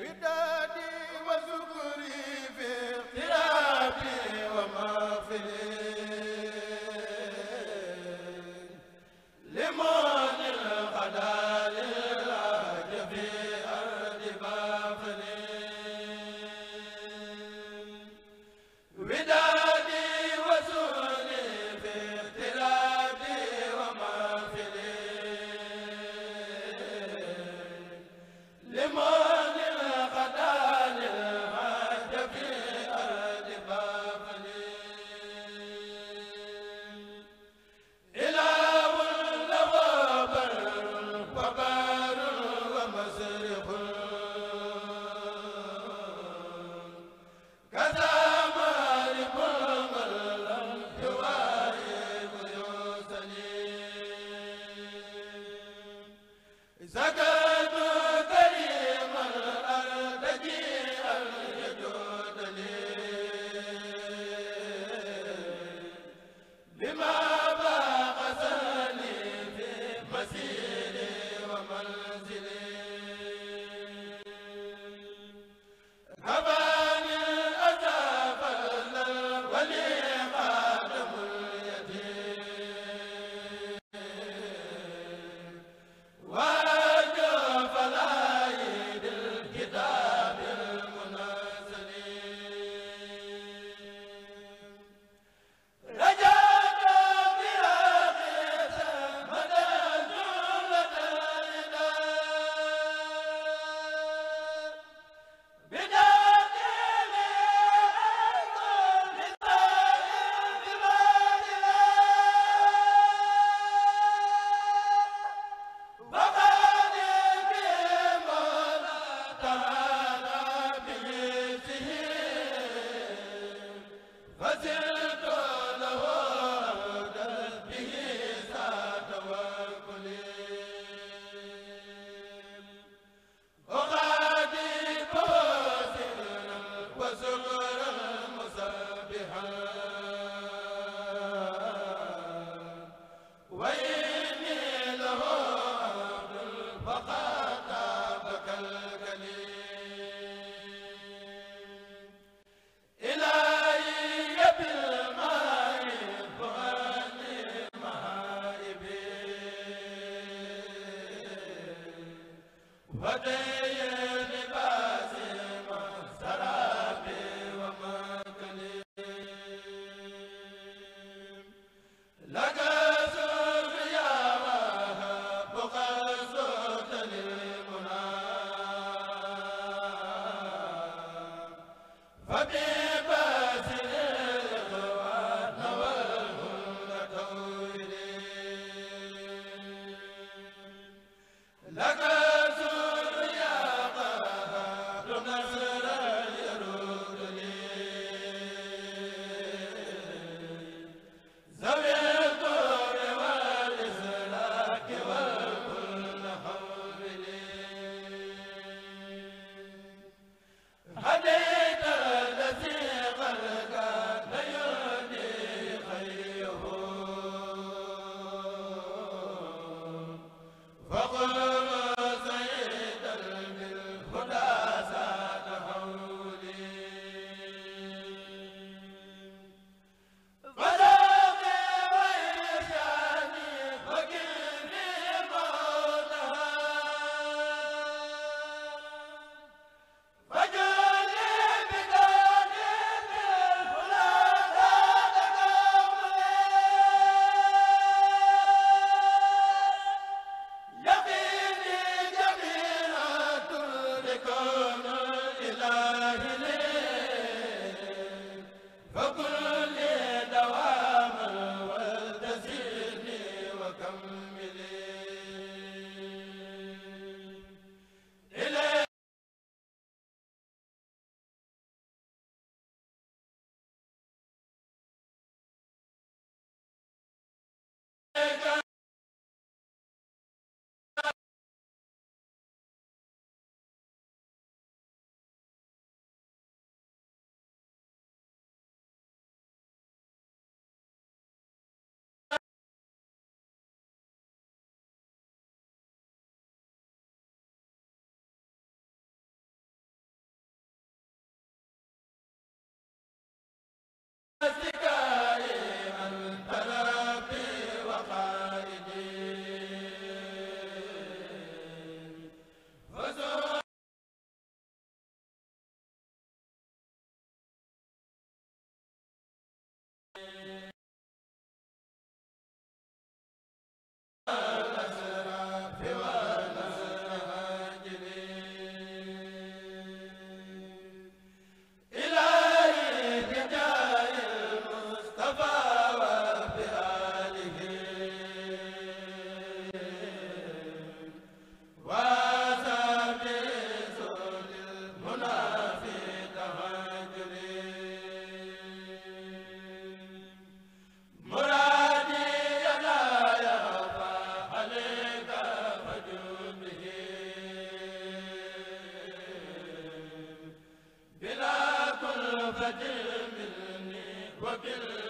wi fa إله وجملني وبال